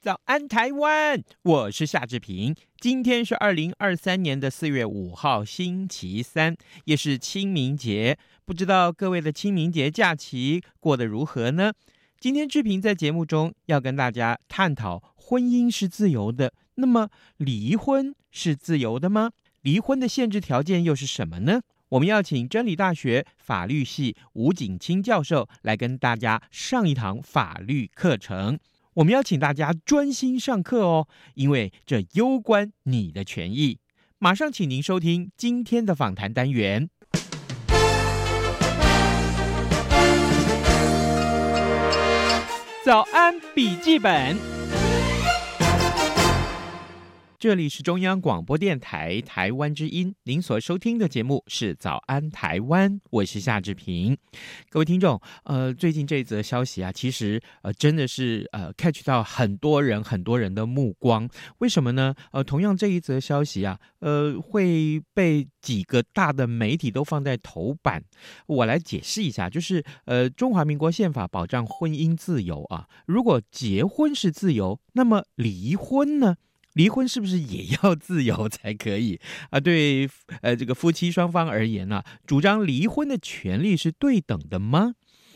早安台灣，我是夏志平。今天是二零二三年的四月五號，星期三，也是清明節。不知道各位的清明節假期過得如何呢？今天志平在節目中要跟大家探討：婚姻是自由的，那麼離婚是自由的嗎？離婚的限制條件又是什麼呢？我們要請真理大學法律系吳景欽教授來跟大家上一堂法律課程。我們要請大家專心上課哦，因為這攸關你的權益。馬上請您收聽今天的訪談單元。早安，筆記本。這裡是中央廣播電台台灣之音，您所收聽的節目是《早安台灣》，我是夏志平。各位聽眾，呃，最近這一則消息啊，其實呃真的是呃 catch 到很多人很多人的目光。為什麼呢？呃，同樣這一則消息啊，呃，會被幾個大的媒體都放在頭版。我來解釋一下，就是呃，中華民國憲法保障婚姻自由啊。如果結婚是自由，那麼離婚呢？離婚是不是也要自由才可以啊？對，呃，這個夫妻雙方而言呢，啊，主張離婚的權利是對等的嗎？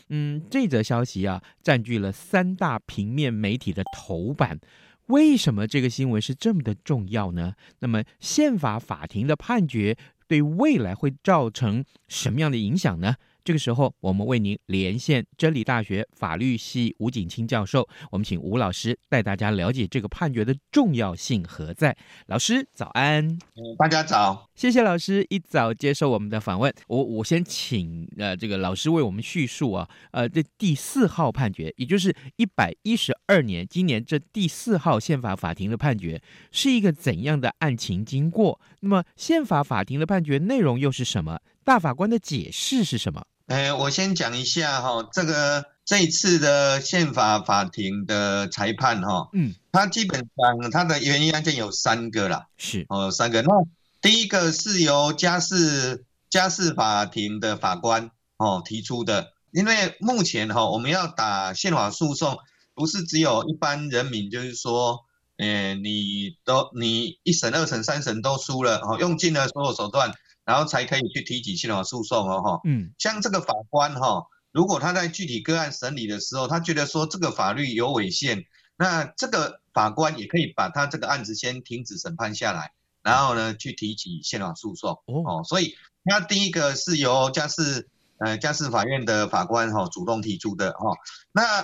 嗯，這則消息啊，佔據了三大平面媒體的頭版。為什麼這個新聞是這麼的重要呢？那麼，憲法法庭的判決對未來會造成什麼樣的影響呢？這個時候，我們為您連線真理大學法律系吳景欽教授。我們請吳老師帶大家了解這個判決的重要性何在。老師，早安！大家早！謝謝老師一早接受我們的訪問。我我先請呃這個老師為我們敘述啊，呃這第四號判決，也就是一百一十二年今年這第四號憲法法庭的判決是一個怎樣的案情經過？那麼憲法法庭的判決內容又是什麼？大法官的解釋是什麼？誒，我先講一下哈，這個這一次的憲法法庭的裁判哈，嗯，他基本上他的原因案件有三個啦，是哦三個。那，那第一個是由家事家事法庭的法官哦提出的，因為目前哈、哦、我們要打憲法訴訟，不是只有一般人民，就是說，誒，你都你一審、二審、三審都輸了，哦，用盡了所有手段。然後才可以去提起憲法訴訟哦，哈，嗯，像這個法官哈、哦，如果他在具體個案審理的時候，他覺得說這個法律有違憲，那這個法官也可以把他這個案子，先停止審判下來，然後呢去提起憲法訴訟哦，所以他第一個是由家事呃家事法院的法官哈主動提出的哈、哦，那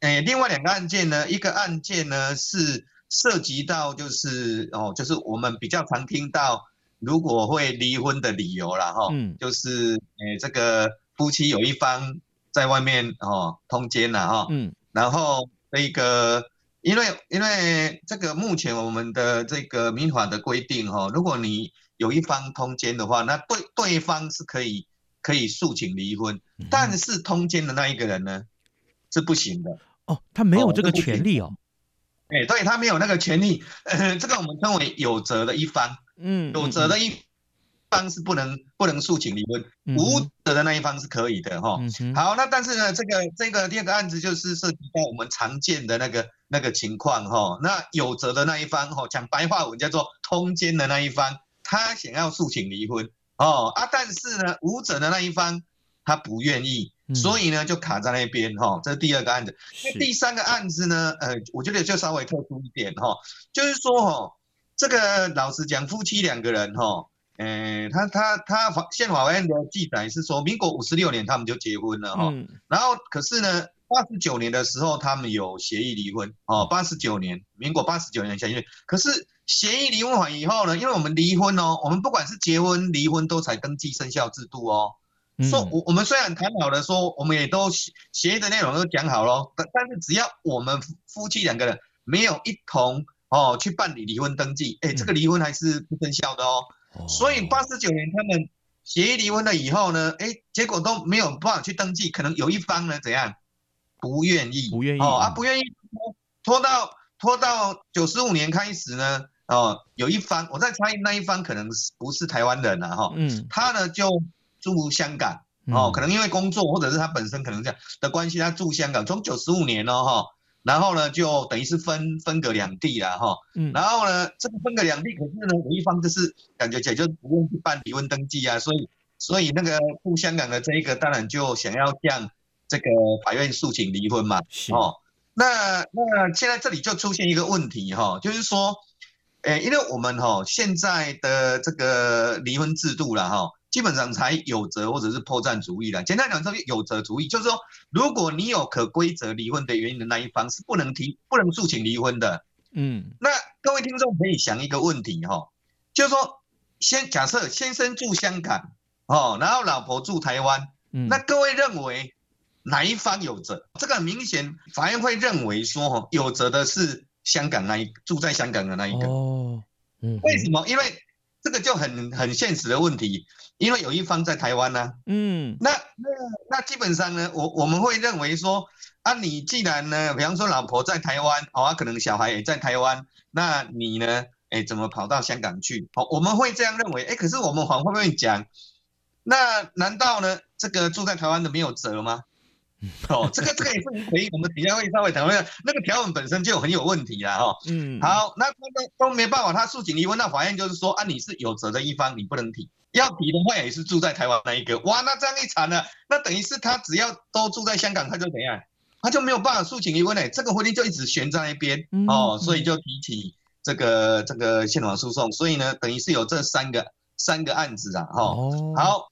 誒另外兩個案件呢，一個案件呢是涉及到就是哦就是我們比較常聽到。如果會離婚的理由了哈、嗯，就是誒、欸、這個夫妻有一方在外面哦、喔、通姦了哈、喔，嗯，然後那個因為因為這個目前我們的這個民法的規定哈、喔，如果你有一方通姦的話，那對對方是可以可以訴請離婚，嗯，但是通姦的那一個人呢是不行的哦，他沒有這個權利哦，哎、哦欸，對，他沒有那個權利，呃，這個我們稱為有責的一方。嗯，嗯，有責的一方是不能不能訴請離婚，嗯、無責的那一方是可以的哈、嗯。好，那但是呢，這個這個第二個案子就是涉及到我們常見的那個那個情況哈。那有責的那一方哈，講白話我們叫做通姦的那一方，他想要訴請離婚哦啊，但是呢，無責的那一方他不願意、嗯，所以呢就卡在那邊哈。這是第二個案子。那第三個案子呢，呃，我覺得就稍微特殊一點哈，就是說哈。這個老實講，夫妻兩個人哈、哦，誒，他他他憲法法院的記載是說，民國五十六年他們就結婚了哈、哦嗯，然後可是呢，八十九年的時候他們有協議離婚哦，八十九年，民國八十九年協議，可是協議離婚完以後呢，因為我們離婚哦，我們不管是結婚離婚都採登記生效制度哦，說、嗯、我我們雖然談好了說，我們也都協協議的內容都講好了，但但是只要我們夫妻兩個人沒有一同。哦，去辦理離婚登記，哎、欸，這個離婚還是不生效的哦。嗯、所以八十九年他們協議離婚了以後呢，哎、欸，結果都沒有辦法去登記，可能有一方呢怎樣不願意，不願意哦，啊，不願意拖到拖到九十五年開始呢，哦，有一方我在猜那一方可能是不是台灣人啊哈、哦，嗯，他呢就住香港哦、嗯，可能因為工作或者是他本身可能這樣的關係，他住香港，從九十五年呢、哦、哈。然後呢，就等於是分、分隔兩地了哈。嗯。然後呢，這個分隔兩地，可是呢，有一方就是感覺起來就不用去辦離婚登記啊,所以所以那個赴香港的這一個當然就想要向這個法院訴請離婚嘛。是。那那現在這裡就出現一個問題吼，就是說，誒，因為我們吼現在的這個離婚制度了哈。基本上才有責或者是破綻主義的。簡單講，說有責主義就是說，如果你有可歸責離婚的原因的那一方是不能提、不能訴請離婚的。嗯，那各位聽眾可以想一個問題哈、哦，就是說，先假設先生住香港哦，然後老婆住台灣、嗯，那各位認為哪一方有責？這個明顯法院會認為說有責的是香港那一住在香港的那一個哦。哦、嗯，為什麼？因為。這個就很很現實的問題，因為有一方在台灣呢、啊，嗯那，那那那基本上呢，我我們會認為說，啊，你既然呢，比方說老婆在台灣，哦，啊、可能小孩也在台灣，那你呢，哎、欸，怎麼跑到香港去？哦，我們會這樣認為，哎、欸，可是我們反方會講，那難道呢，這個住在台灣的沒有責嗎？ 哦，這個這個也是可以。 我們等一下會稍微討論那個條文本身就很有問題啦，哈、哦。嗯。好，那他都都沒辦法，他訴請離婚，那法院就是說，啊，你是有責的一方，你不能提，要提的話也是住在台灣那一個，哇，那這樣一查呢，那等於是他只要都住在香港，他就怎樣，他就沒有辦法訴請離婚嘞，這個婚姻就一直懸在一邊、嗯，哦，所以就提起這個這個憲法訴訟，所以呢，等於是有這三個三個案子啊、哦，哦。好，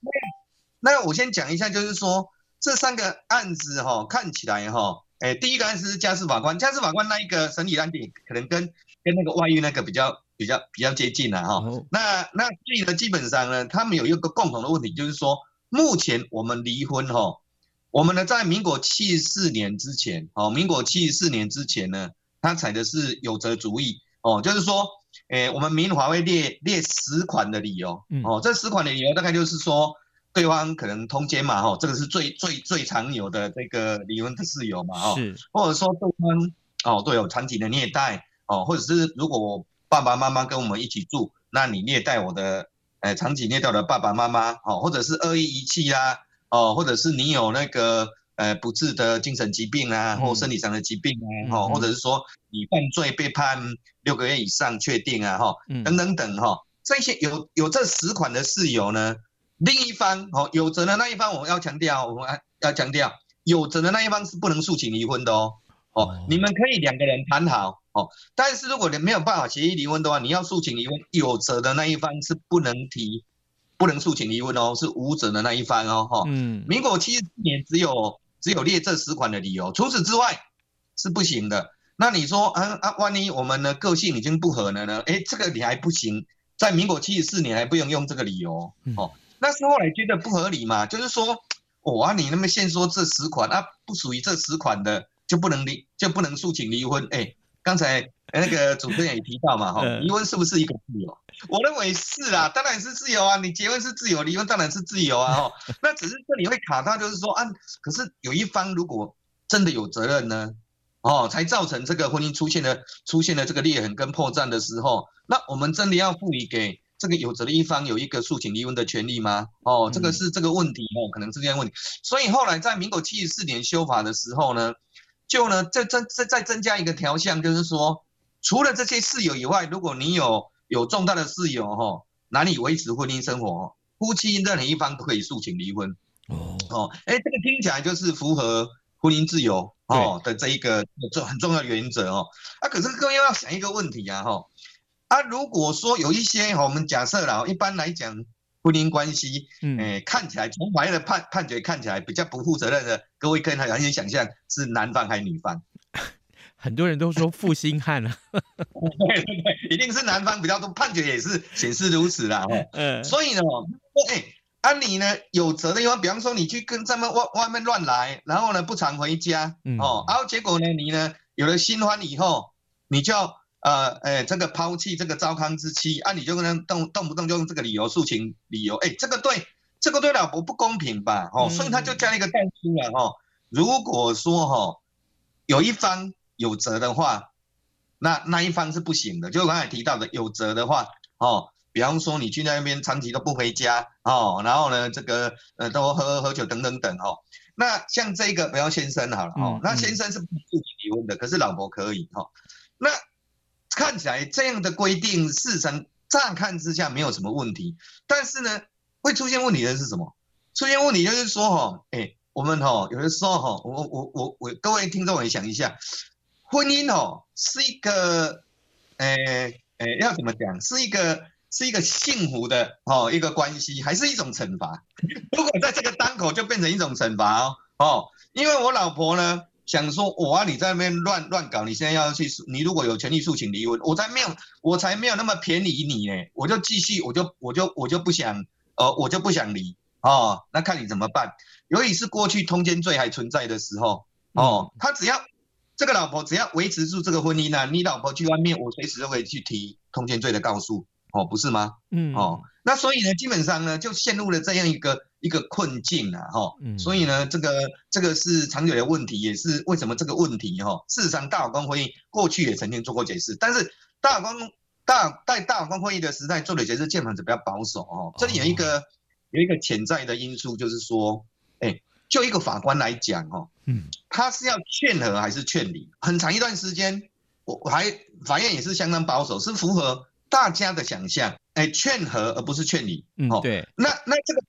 那我先講一下，就是說。這三個案子哈，看起來哈、哎，第一個案子是家事法官，家事法官那一個審理案件，可能跟跟那個外遇那個比較比較比較接近了哈、嗯。那那所以呢，基本上呢，他們有一個共同的問題，就是說，目前我們離婚哈，我們呢在民國七十四年之前，哦，民國七十四年之前呢，他採的是有責主義，哦，就是說，哎、我們民法會列列十款的理由、嗯，哦，這十款的理由大概就是說。對方可能通姦嘛，吼，這個是最最最常有的這個離婚的事由嘛，吼，是。或者說對方哦，對有長期的虐待哦，或者是如果我爸爸媽媽跟我們一起住，那你虐待我的，呃，長期虐待的爸爸媽媽，哦，或者是惡意遺棄呀，哦，或者是你有那個呃不治的精神疾病啊，或生理上的疾病啊，哦，或者是說你犯罪被判六個月以上確定啊，哈，等等等哈，這些有有這十款的事由呢，另一方哦，有責的那一方，我們要強調，我們要強調，有責的那一方是不能訴請離婚的哦。哦，你們可以兩個人談好哦。但是如果你沒有辦法協議離婚的話，你要訴請離婚，有責的那一方是不能提，不能訴請離婚哦，是無責的那一方哦。嗯，民國七十四年只有只有列這十款的理由，除此之外是不行的。那你說，嗯啊，萬一我們的個性已經不合了呢？哎、欸，這個你還不行，在民國七十四年還不用用這個理由，哦、嗯。那時候覺得不合理嘛？就是說、哦，我啊，你那麼限縮這十款，啊，那不屬於這十款的就不能離，就不能訴請離婚。哎，剛才那個主持人也提到嘛，哈，離婚是不是一個自由？我認為是啦，當然是自由啊。你結婚是自由，離婚當然是自由啊。哦，那只是這裡會卡到，就是說啊，可是有一方如果真的有責任呢，哦，才造成這個婚姻出現了出現了這個裂痕跟破綻的時候，那我們真的要賦予給。這個有責的一方有一個訴請離婚的權利嗎？哦，這個是這個問題哦、嗯，可能是這樣問題。所以後來在民國七十四年修法的時候呢，就呢再增再再增加一個條項，就是說，除了這些事由以外，如果你有有重大的事由哈，難以維持婚姻生活，哦，夫妻任何一方都可以訴請離婚。哦哦，哎，這個聽起來就是符合婚姻自由哦的這一個重很重要原則哦。啊，可是各位又要想一個問題啊啊，如果說有一些我們假設了，一般來講婚姻關係，嗯、欸，看起來從法院的判判決看起來比較不負責任的，各位可以很容易想象，是男方還是女方？很多人都說負心漢了 對對對，一定是男方比較多，判決也是顯示如此啦，嗯、欸呃，所以呢，哎、欸，按、啊、理呢有責任一方，比方說你去跟他們外外面亂來，然後呢不常回家，哦，然、嗯、後、啊、結果呢你呢有了新歡以後，你就要。呃，哎、欸，這個拋棄這個糟糠之妻，啊，你就跟他動動不動就用這個理由訴請理由，哎、欸，這個對，這個對老婆不公平吧？哦、嗯，所以他就加了一個但書了哦，如果說哦，有一方有責的話，那那一方是不行的，就我剛才提到的有責的話，哦，比方說你去那邊長期都不回家，哦，然後呢，這個呃，都喝喝酒等等等，哦，那像這個不要先生好了，哦、嗯嗯，那先生是不訴請離婚的，可是老婆可以，哦，那。看起來這樣的規定事實上，乍看之下沒有什麼問題，但是呢，會出現問題的是什麼？出現問題就是說哈，哎、欸，我們哈，有的時候哈，我我我我，各位聽眾也想一下，婚姻，哦、欸欸，是一個，誒誒，要怎麼講？是一個是一個幸福的哦，一個關係，還是一種懲罰？如果在這個當口就變成一種懲罰哦哦，因為我老婆呢。想說我、哦、啊，你在那邊亂亂搞，你現在要去，你如果有權利訴請離婚，我我才沒有，我才沒有那麼便宜你呢。我就繼續，我就我就我就不想，呃，我就不想離啊、哦，那看你怎麼辦？尤其是過去通姦罪還存在的時候，哦，嗯、他只要這個老婆只要維持住這個婚姻呢、啊，你老婆去外面，我隨時都可以去提通姦罪的告訴。哦，不是嗎？嗯，哦，那所以呢，基本上呢，就陷入了這樣一個一個困境了，哈，嗯，所以呢，這個這個是長久的問題，也是為什麼這個問題，哈，事實上，大法官會議過去也曾經做過解釋，但是大法官大在大，大，大法官會議的時代做的解釋，見解則比較保守，哦，這裡有一個有一個潛在的因素，就是說，哎，就一個法官來講，哦，嗯，他是要勸和還是勸離？很長一段時間，我我還法院也是相當保守，是符合，大家的想象，哎，勸和而不是勸離，哦、嗯，對，那那這個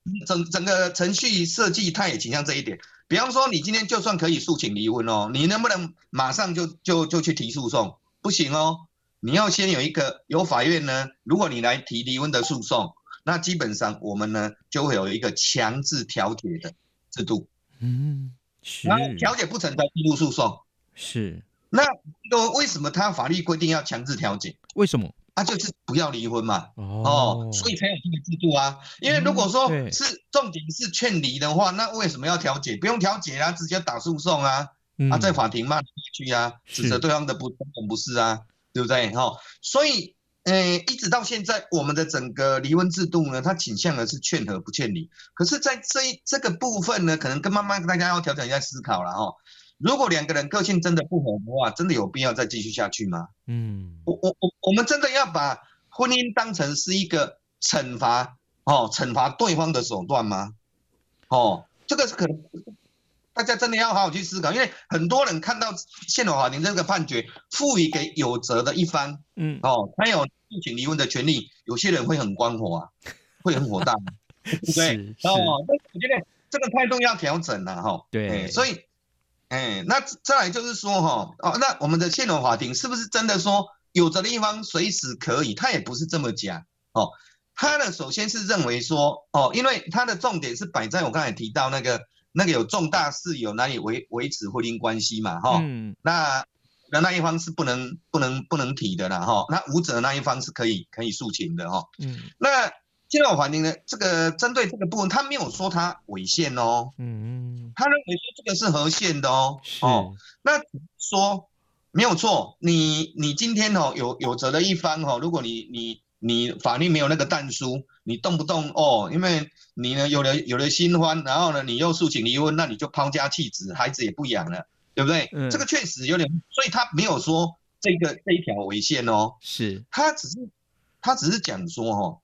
整整個程序設計，它也傾向這一點。比方說，你今天就算可以訴請離婚哦，你能不能馬上就就就去提訴訟？不行哦，你要先有一個有法院呢。如果你來提離婚的訴訟，那基本上我們呢就會有一個強制調解的制度。嗯，是。那調解不成，再進入訴訟。是。那都為什麼他法律規定要強制調解？為什麼？他、啊、就是不要離婚嘛，哦，哦，所以才有這個制度啊、嗯。因為如果說是重點是勸離的話，那為什麼要調解？不用調解啊，直接打訴訟啊、嗯，啊，在法庭罵下去啊，指責對方的不根本不是啊，對不對？哈、哦，所以，呃，一直到現在我們的整個離婚制度呢，它傾向的是勸和不勸離。可是，在這這個部分呢，可能跟慢慢大家要調整一下思考了哈。如果兩個人個性真的不合的話，真的有必要再繼續下去嗎？嗯，我我我，我們真的要把婚姻當成是一個懲罰哦，懲罰對方的手段嗎？哦，這個是可能，大家真的要好好去思考，因為很多人看到憲法庭這個判決，賦予給有責的一方，嗯，哦，他有訴請離婚的權利，有些人會很光火啊， 會很火大， 對哦，我覺得這個態度要調整了、啊、哈、哦。對、欸，所以。哎、嗯，那再來就是說哈，哦，那我們的憲法法庭是不是真的說，有責的一方隨時可以？他也不是這麼講哦。他的首先是認為說，哦，因為他的重點是擺在我剛才提到那個那個有重大事由難以維維持婚姻關係嘛，哈、哦。嗯、那那那一方是不能不能不能提的啦。哈、哦。那無責那一方是可以可以訴請的哈、哦。嗯。那。現在我環境呢，這個針對這個部分，他沒有說他違憲哦，嗯，他認為說這個是合憲的哦，哦，那說沒有錯，你你今天哦有有責的一方哦，如果你你你法律沒有那個但書，你動不動哦，因為你呢有了有了新歡，然後呢你又訴請離婚，那你就拋家棄子，孩子也不養了，對不對？嗯，這個確實有點，所以他沒有說這個這一條違憲哦，是他只是他只是講說哦。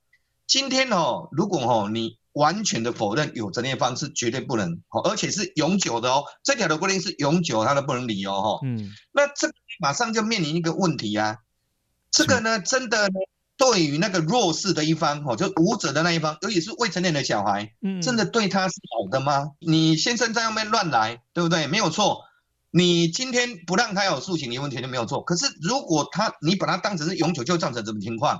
今天哦，如果哦你完全的否認有責任方是絕對不能，而且是永久的哦，這條的規定是永久，他都不能離哦哈。嗯。那這個馬上就面臨一個問題啊，這個呢，真的對於那個弱勢的一方哦，就無責的那一方，尤其是未成年的小孩，真的對他是好的嗎？嗯、你先生在外面亂來，對不對？沒有錯。你今天不讓他有訴請，你問題就沒有錯。可是如果他，你把他當成是永久，就造成什麼情況？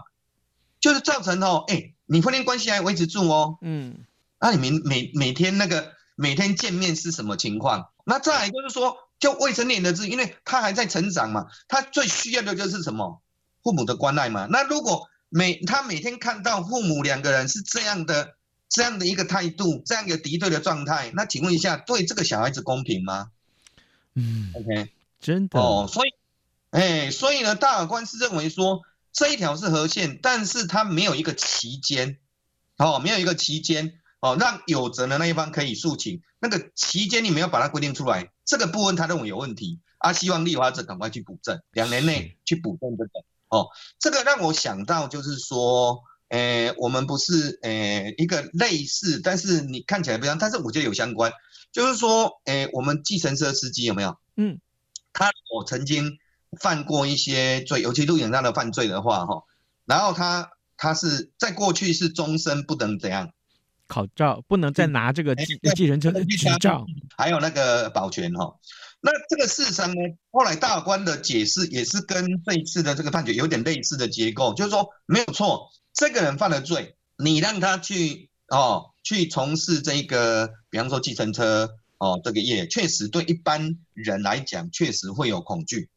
就是造成哦，哎、欸。你婚姻關係還維持住哦？嗯，那、啊、你們每每，每天那個每天見面是什麼情況？那再來就是說，就未成年的子，因為他還在成長嘛，他最需要的就是什麼？父母的關愛嘛。那如果每他每天看到父母兩個人是這樣的、這樣的一個態度、這樣的一個敵對的狀態，那請問一下，對這個小孩子公平嗎？嗯，OK，真的哦，所以，哎、欸，所以呢，大法官是認為說。這一條是合憲，但是它沒有一個期間，哦，沒有一個期間哦，讓有責的那一方可以訴請。那個期間你沒有把它規定出來，這個部分他認為有問題，啊，希望立法者趕快去補正，兩年內去補正這等。哦，這個讓我想到就是說，誒、呃，我們不是誒、呃、一個類似，但是你看起來不一樣，但是我覺得有相關，就是說，誒、呃，我們計程車司機有沒有？嗯，他我曾經。犯過一些罪，尤其路遠這樣的犯罪的話，哈，然後他他是在過去是終身不能怎樣，考照不能再拿這個計計程車的執照，欸欸欸、還有那個保全哈、哦。那這個事實上呢，後來大法官的解釋也是跟這一次的這個判決有點類似的結構，就是說沒有錯，這個人犯了罪，你讓他去哦，去從事這個，比方說計程車哦，這個業確實對一般人來講確實會有恐懼。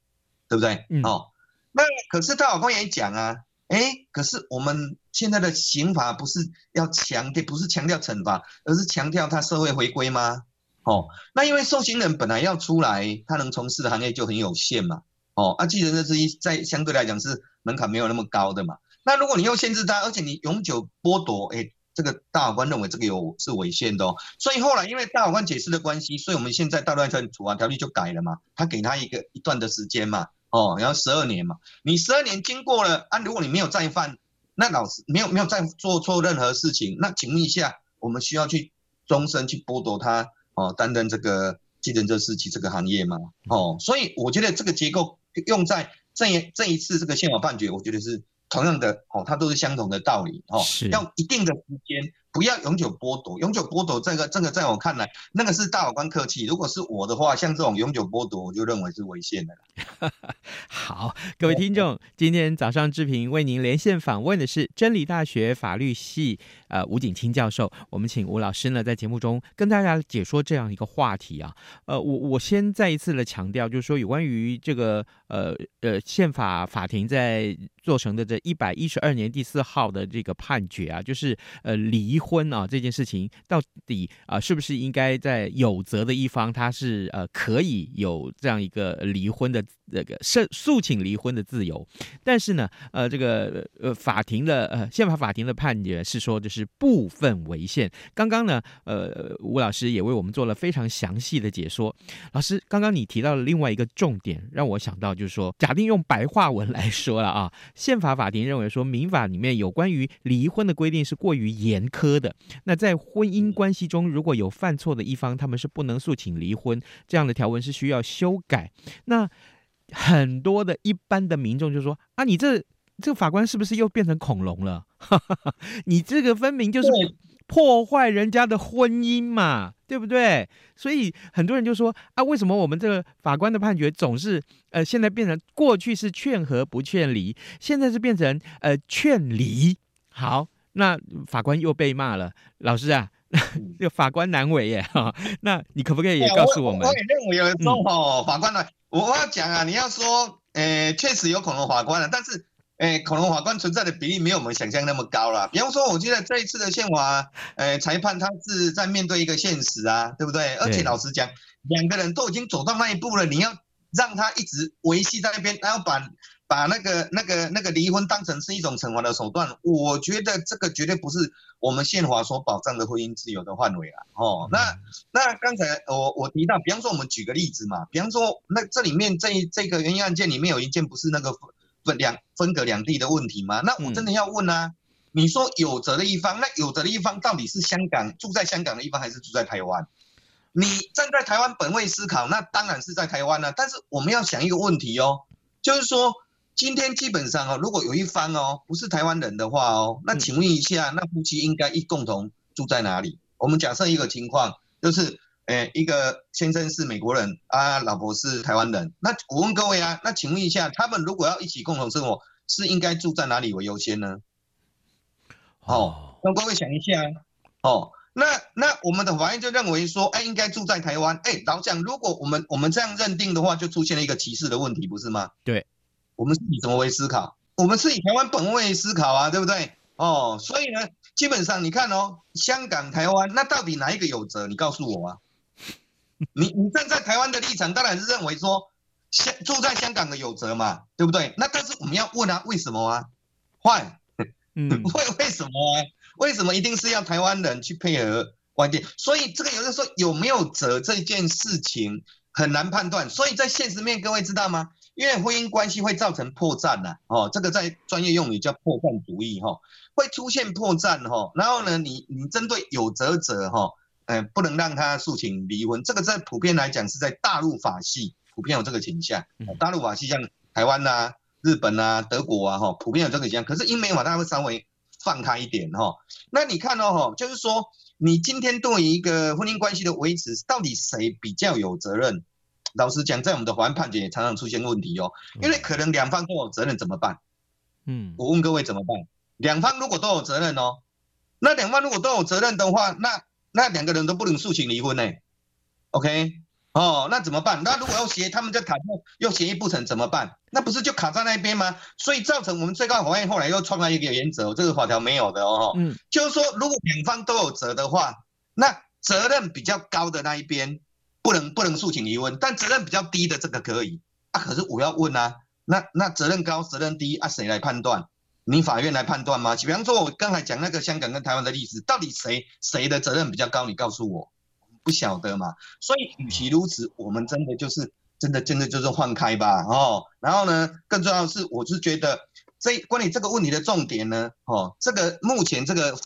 對不對，嗯？哦，那可是大法官也講啊，哎、欸，可是我們現在的刑法不是要強調，不是強調懲罰，而是強調他社會回歸嗎？哦，那因為受刑人本來要出來，他能從事的行業就很有限嘛。哦，那既然這是一在相對來講是門檻沒有那麼高的嘛。那如果你又限制他，而且你永久剝奪，哎、欸，這個大法官認為這個有是違憲的。哦。所以後來因為大法官解釋的關係，所以我們現在大亂安全處罰條例就改了嘛，他給他一個一段的時間嘛。哦，然後十二年嘛，你十二年經過了啊，如果你沒有再犯，那老師沒有沒有再做錯任何事情，那請問一下，我們需要去終身去剝奪他哦擔任這個計程車司機這個行業嗎？哦，所以我覺得這個結構用在這一這一次這個憲法判決，我覺得是同樣的哦，它都是相同的道理哦，是，要一定的時間。不要永久剝奪，永久剝奪這個，這個在我看來，那個是大法官客氣。如果是我的話，像這種永久剝奪，我就認為是違憲的 好，各位聽眾，今天早上志平為您連線訪問的是真理大學法律系呃吳景欽教授，我們請吳老師呢在節目中跟大家解說這樣一個話題啊。呃，我我先再一次的強調，就是說有關於這個呃呃憲法法庭在做成的這一百一十二年第四號的這個判決啊，就是呃離。李婚、哦、啊,這件事情到底啊、呃，是不是應該在有責的一方，他是呃可以有這樣一個離婚的這個訴訴請離婚的自由？但是呢，呃，這個呃法庭的呃憲法法庭的判決是說，就是部分違憲。剛剛呢，呃，吳老師也為我們做了非常詳細的解說。老師，剛剛你提到了另外一個重點，讓我想到就是說，假定用白話文來說了啊，憲法法庭認為說，民法裡面有關於離婚的規定是過於嚴苛。的那在婚姻關係中，如果有犯錯的一方，他們是不能訴請離婚，這樣的條文是需要修改。那很多的一般的民眾就說：“啊，你這這個法官是不是又變成恐龍了？ 你這個分明就是破壞人家的婚姻嘛，對不對？”所以很多人就說：“啊，為什麼我們這個法官的判決總是……呃，現在變成過去是勸和不勸離，現在是變成呃勸離？”好。那法官又被罵了，老師啊，這法官難為耶哈、哦。那你可不可以也告訴我們？我也認為有錯哦，法官呢？我要講啊，你要說，誒、欸，確實有恐龍法官了，但是，誒、欸，恐龍法官存在的比例沒有我們想象那麼高了。比方說，我覺得這一次的憲法、欸，裁判他是在面對一個現實啊，對不對？對。而且老實講，兩個人都已經走到那一步了，你要讓他一直維繫在那邊，然後把。把那個、那個、那個離婚當成是一種懲罰的手段，我覺得這個絕對不是我們憲法所保障的婚姻自由的範圍啊！哦，那、那剛才我、我提到，比方說我們舉個例子嘛，比方說那這裡面這這個原因案件裡面有一件不是那個分兩分、分隔兩地的問題嗎？嗯、那我真的要問啊，你說有責的一方，那有責的一方到底是香港、住在香港的一方還是住在台灣？你站在台灣本位思考，那當然是在台灣了、啊。但是我們要想一個問題哦，就是說。今天基本上哦，如果有一方哦，不是台灣人的話哦，那請問一下，嗯、那夫妻應該一共同住在哪裡？我們假設一個情況，就是誒、欸、一個先生是美國人啊，老婆是台灣人，那我問各位啊，那請問一下，他們如果要一起共同生活，是應該住在哪裡為優先呢？哦，那各位想一下，哦，那那我們的法院就認為說，哎、欸，應該住在台灣，哎、欸，老蔣，如果我們我們這樣認定的話，就出現了一個歧視的問題，不是嗎？對。我們是以什麼為思考？我們是以台灣本位思考啊，對不對？哦，所以呢，基本上你看哦，香港、台灣，那到底哪一個有責？你告訴我啊。你你站在台灣的立場，當然是認為說，住在香港的有責嘛，對不對？那但是我們要問他、啊、為什麼啊？換，嗯，為為什麼、啊？為什麼一定是要台灣人去配合關店？所以這個有人說有沒有責這件事情很難判斷。所以在現實面，各位知道嗎？因為婚姻關係會造成破綻吶，哦，這個在專業用語叫破綻主義哈，會出現破綻哈，然後呢，你你針對有責者哈，嗯，不能讓他訴請離婚，這個在普遍來講是在大陸法系普遍有這個傾向，大陸法系像台灣啊、日本啊、德國啊哈，普遍有這個傾向，可是英美法它會稍微放開一點哈，那你看哦，哈，就是說你今天對於一個婚姻關係的維持，到底誰比較有責任？老實講，在我們的法院判決也常常出現問題哦，因為可能兩方都有責任怎麼辦？嗯，我問各位怎麼辦？兩方如果都有責任哦，那兩方如果都有責任的話，那那兩個人都不能訴請離婚呢？OK？哦，那怎麼辦？那如果要協，他們在談判又協議不成怎麼辦？那不是就卡在那一邊嗎？所以造成我們最高法院後來又創了一個原則，哦，這個法條沒有的哦。嗯，就是說如果兩方都有責的話，那責任比較高的那一邊。不能不能訴請離婚，但責任比較低的這個可以啊。可是我要問啊，那那責任高責任低啊，誰來判斷？你法院來判斷嗎？比方說，我剛才講那個香港跟台灣的例子，到底誰誰的責任比較高？你告訴我，不曉得嘛。所以，與、嗯、其如此，我們真的就是真的真的就是放開吧。哦，然後呢，更重要的是，我是覺得這關於這個問題的重點呢，哦，這個目前這個，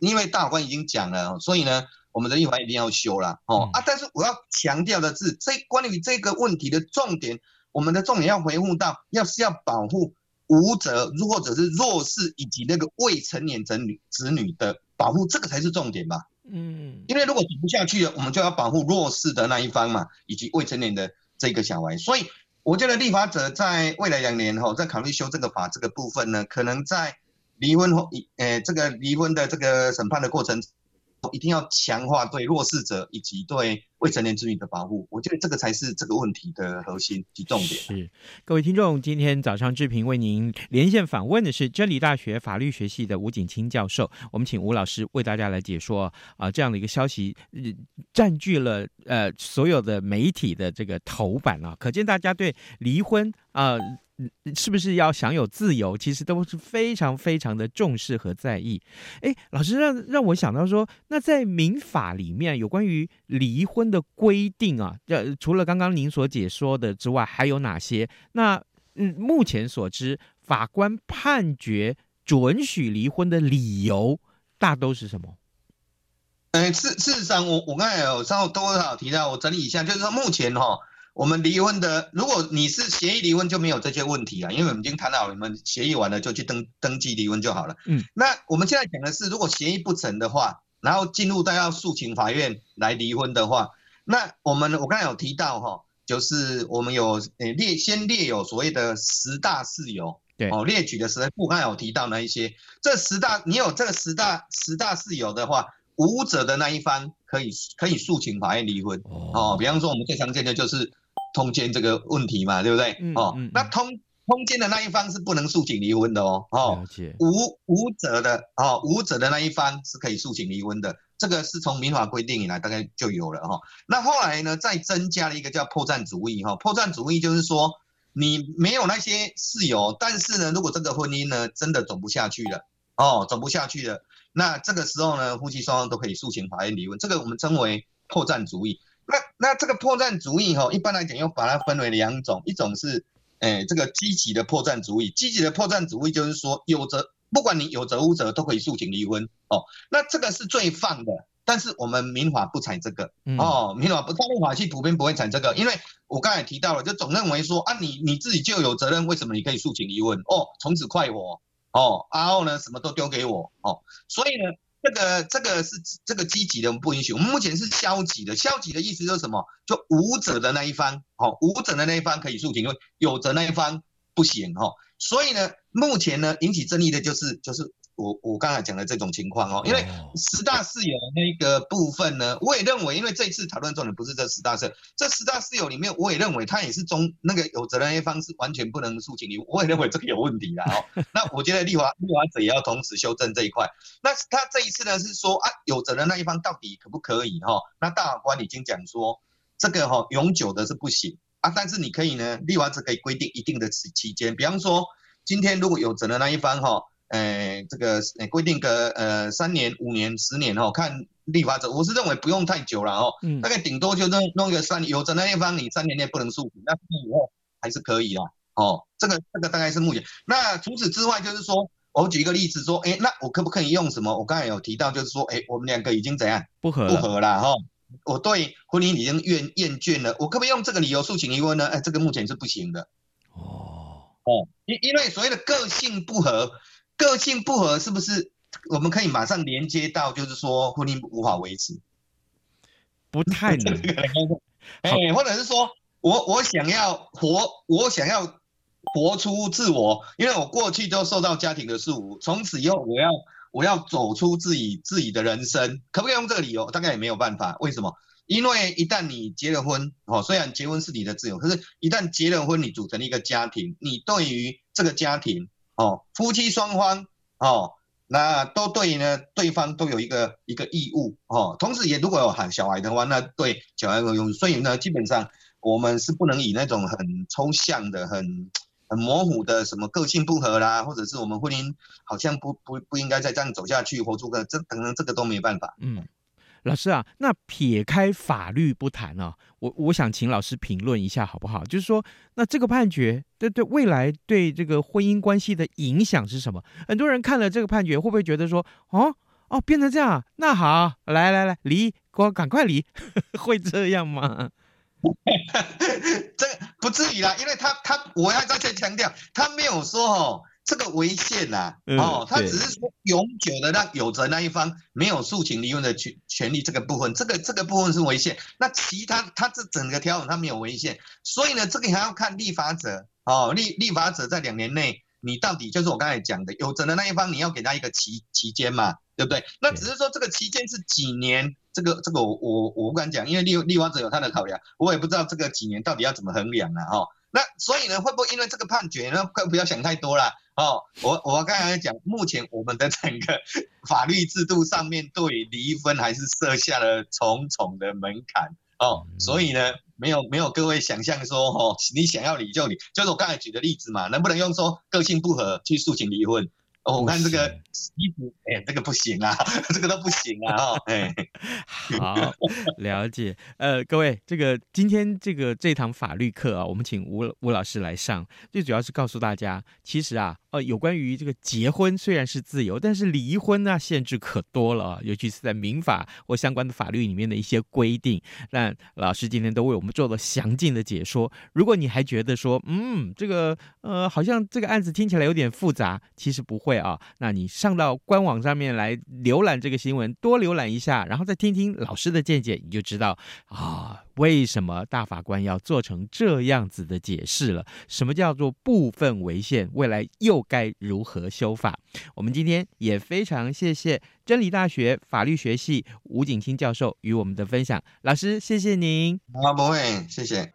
因為大法官已經講了，所以呢。我們的立法一定要修了，哦啊！但是我要強調的是，這關於這個問題的重點，我們的重點要回復到，要是要保護無責或者是弱勢以及那個未成年子女子女的保護，這個才是重點吧？嗯，因為如果走不下去了，我們就要保護弱勢的那一方嘛，以及未成年的這個小孩。所以，我覺得立法者在未來兩年後在考慮修這個法這個部分呢，可能在離婚後，誒，這個離婚的這個審判的過程，一定要強化對弱勢者以及對未成年子女的保護，我覺得這個才是這個問題的核心及重點。是，各位聽眾，今天早上志平為您連線訪問的是真理大學法律學系的吳景欽教授，我們請吳老師為大家來解說啊、呃、這樣的一個消息占、呃、據了呃所有的媒體的這個頭版了、啊，可見大家對離婚啊，呃嗯是不是要享有自由？其實都是非常非常的重視和在意。哎，老師讓讓我想到說，那在民法裡面有關於離婚的規定啊，呃，除了剛剛您所解說的之外，還有哪些？那嗯，目前所知，法官判決准許離婚的理由大都是什麼？誒，事事實上我，我我剛才有稍後多少提到，我整理一下，就是說目前哈、哦。我們離婚的，如果你是協議離婚，就沒有這些問題了，因為我們已經談好了，我們協議完了就去登登記離婚就好了。嗯。那我們現在講的是，如果協議不成的話，然後進入到要訴請法院來離婚的話，那我們我剛才有提到齁，就是我們有列、欸、先列有所謂的十大事由，哦。列舉的時候，我剛才有提到那一些，這十大你有這十大十大事由的話，無責的那一方可以可以訴請法院離婚哦，哦。比方說我們最常見的就是。通姦這個問題嘛，對不對、嗯嗯嗯？哦，那通通姦的那一方是不能訴請離婚的哦。哦，無無責的哦，無責的那一方是可以訴請離婚的。這個是從民法規定以來大概就有了哈、哦。那後來呢，再增加了一個叫破綻主義哈、哦。破綻主義就是說，你沒有那些事由，但是呢，如果這個婚姻呢真的走不下去了哦，走不下去了，那這個時候呢，夫妻雙方都可以訴請法院離婚。這個我們稱為破綻主義。那那這個破綻主義哈、哦，一般來講，又把它分為兩種，一種是，誒、欸，這個積極的破綻主義，積極的破綻主義就是說，有責，不管你有責無責，都可以訴請離婚哦。那這個是最放的，但是我們民法不採這個、嗯、哦，民法不採，大陸法系普遍不會採這個，因為我剛才提到了，就總認為說啊，你你自己就有責任，為什麼你可以訴請離婚哦？從此快活哦，然後呢，什麼都丟給我哦，所以呢。這個這個是這個積極的不允許，我們目前是消極的。消極的意思就是什麼？就無責的那一方，哦，無責的那一方可以訴請，因為有責那一方不行，哦。所以呢，目前呢引起爭議的就是就是。我我剛才講的這種情況哦，因為十大事由的那個部分呢，我也認為，因為這一次討論重點不是這十大事由，這十大事由裡面，我也認為他也是中那個有責任一方是完全不能訴請你，我也認為這個有問題的哦。 那我覺得立法立法者也要同時修正這一塊。那他這一次呢是說啊，有責任那一方到底可不可以哈、哦？那大法官已經講說這個哈、哦、永久的是不行啊，但是你可以呢，立法者可以規定一定的期期間，比方說今天如果有責任那一方哈、哦。哎，這個規、哎、定個呃三年五年十年哦，看立法者，我是認為不用太久了哦，嗯、大概頂多就弄弄個三年，有在那地方你三年內不能訴請，那以後還是可以的哦。這個這個大概是目前。那除此之外，就是說，我舉一個例子說，哎、欸，那我可不可以用什麼？我剛才有提到，就是說，哎、欸，我們兩個已經怎樣不合。不合了哈、哦？我對婚姻已經厭厭倦了，我可不可以用這個理由訴請離婚呢？哎，這個目前是不行的哦哦，因因為所謂的個性不合。個性不合是不是我們可以馬上連接到就是說婚姻無法維持？不太能，哎，或者是說我我想要活，我想要活出自我，因為我過去都受到家庭的束縛，從此以後我要我要走出自己自己的人生，可不可以用這個理由？大概也沒有辦法。為什麼？因為一旦你結了婚，哦，雖然結婚是你的自由，可是，一旦結了婚，你組成了一個家庭，你對於這個家庭，哦，夫妻雙方哦，那都對呢，對方都有一個一個義務哦。同時也如果有喊小孩的話，那對小孩有用。所以呢，基本上我們是不能以那種很抽象的、很很模糊的什麼個性不合啦，或者是我們婚姻好像不不不應該再這樣走下去，活出個這可能這個都沒有辦法。嗯。老師啊，那撇開法律不談啊、哦、我我想請老師評論一下好不好？就是說，那這個判決對對未來對這個婚姻關係的影響是什麼？很多人看了這個判決，會不會覺得說，哦哦，變成這樣？那好，來來來，離，給我趕快離，呵呵，會這樣嗎？ 這不至於啦，因為他他，他，我要再次強調，他沒有說哦。這個違憲吶，哦，他只是說永久的讓有責那一方沒有訴請離婚的權權利這個部分，這個這個部分是違憲。那其他他這整個條文，他沒有違憲，所以呢，這個還要看立法者哦，立立法者在兩年內你到底就是我剛才講的有責的那一方，你要給他一個期期間嘛，對不對？對？那只是說這個期間是幾年，這個這個我我我不敢講，因為立立法者有他的考量，我也不知道這個幾年到底要怎麼衡量啊。哦。那所以呢，會不會因為這個判決呢，更不，不要想太多啦。哦。我我剛才講，目前我們的整個法律制度上面對離婚還是設下了重重的門檻哦。所以呢，沒有沒有各位想象說哦，你想要離就離，就是我剛才舉的例子嘛，能不能用說個性不合去訴請離婚？哦、我看這個衣服，哎、欸，這個不行啊！ 這個都不行啊！哎、欸， 好，了解。呃，各位，這個今天這個這堂法律課啊，我們請吳吳老師來上，最主要是告訴大家，其實啊。呃，有關於這個結婚雖然是自由，但是離婚呢，限制可多了，尤其是在民法或相關的法律裡面的一些規定，那老師今天都為我們做了詳盡的解說。如果你還覺得說，嗯，這個呃，好像這個案子聽起來有點複雜，其實不會啊。那你上到官網上面來瀏覽這個新聞，多瀏覽一下，然後再聽聽老師的見解，你就知道啊。為什麼大法官要做成這樣子的解釋了？什麼叫做部分違憲？未來又該如何修法？我們今天也非常謝謝真理大學法律學系吳景欽教授與我們的分享，老師謝謝您，啊、不會，謝謝。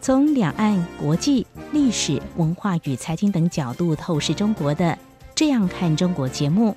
從兩岸、國際、歷史、文化與財經等角度透視中國的，這樣看中國節目。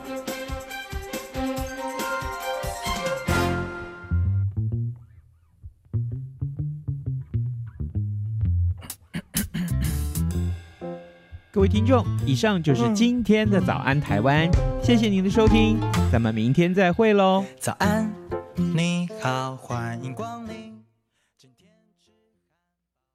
各位聽眾，以上就是今天的早安、嗯、台灣，謝謝您的收聽，咱們明天再會嘍。早安，你好，歡迎光臨。